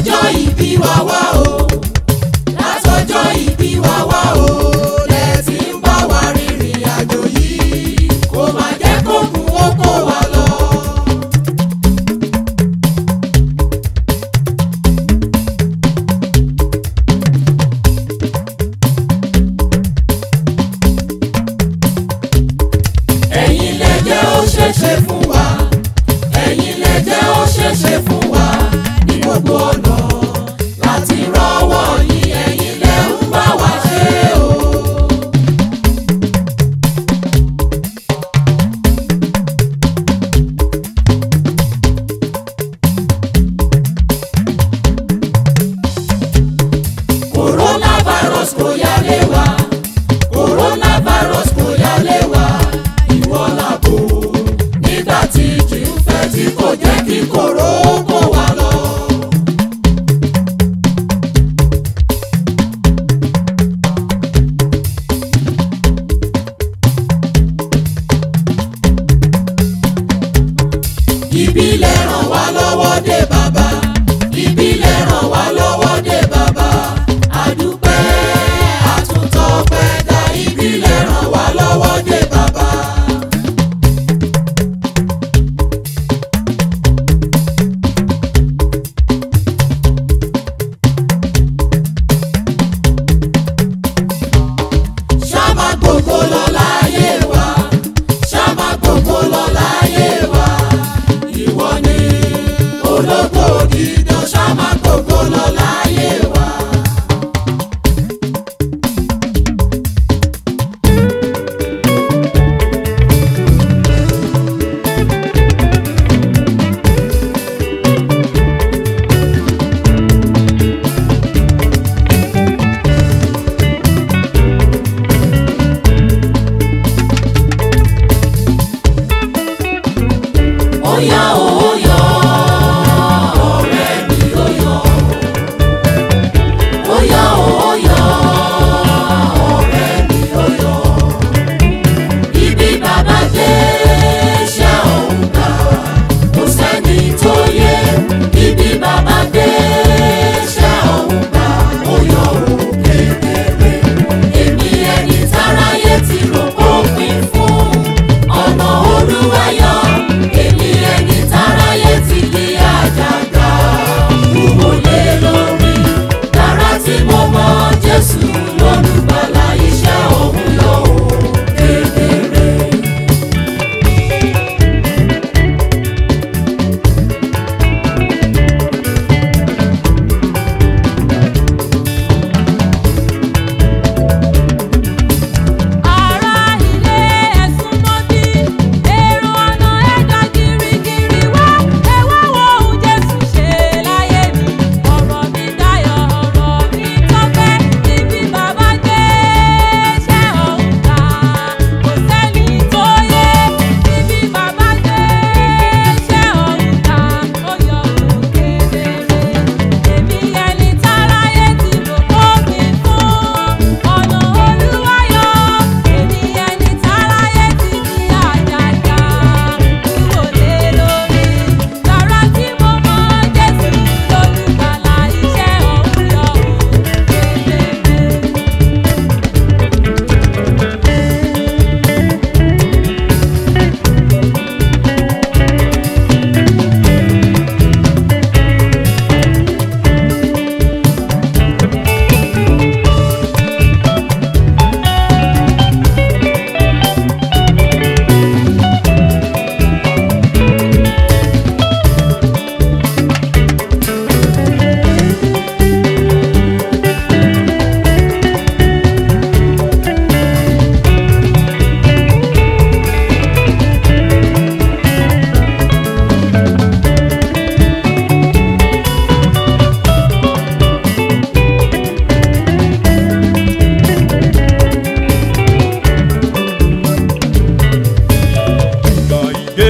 ọjọ́ ìbí wa wá.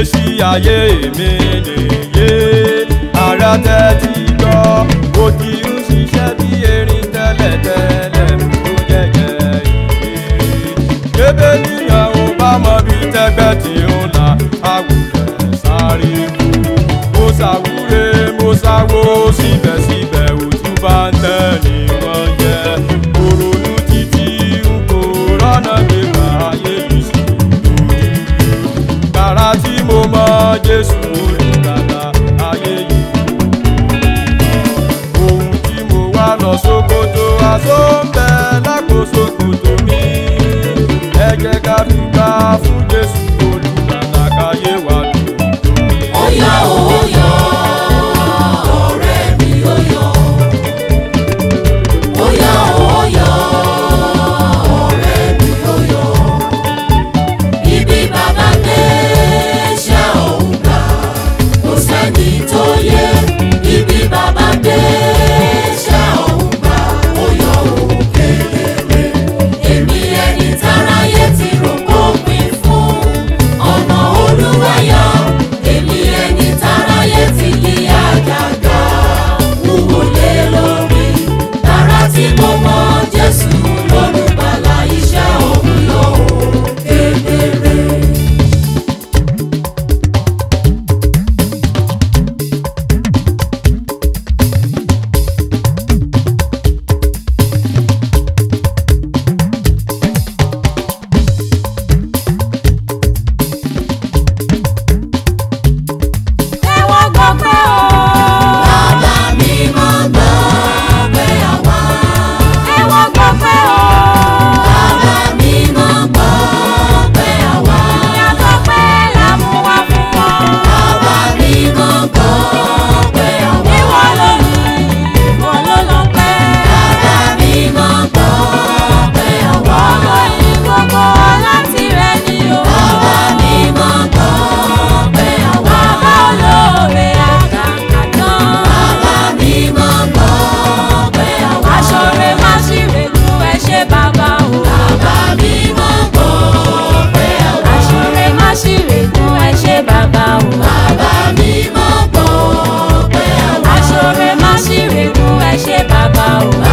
ìgbésí ayé mi nìyé ara tẹ́tí. Mama.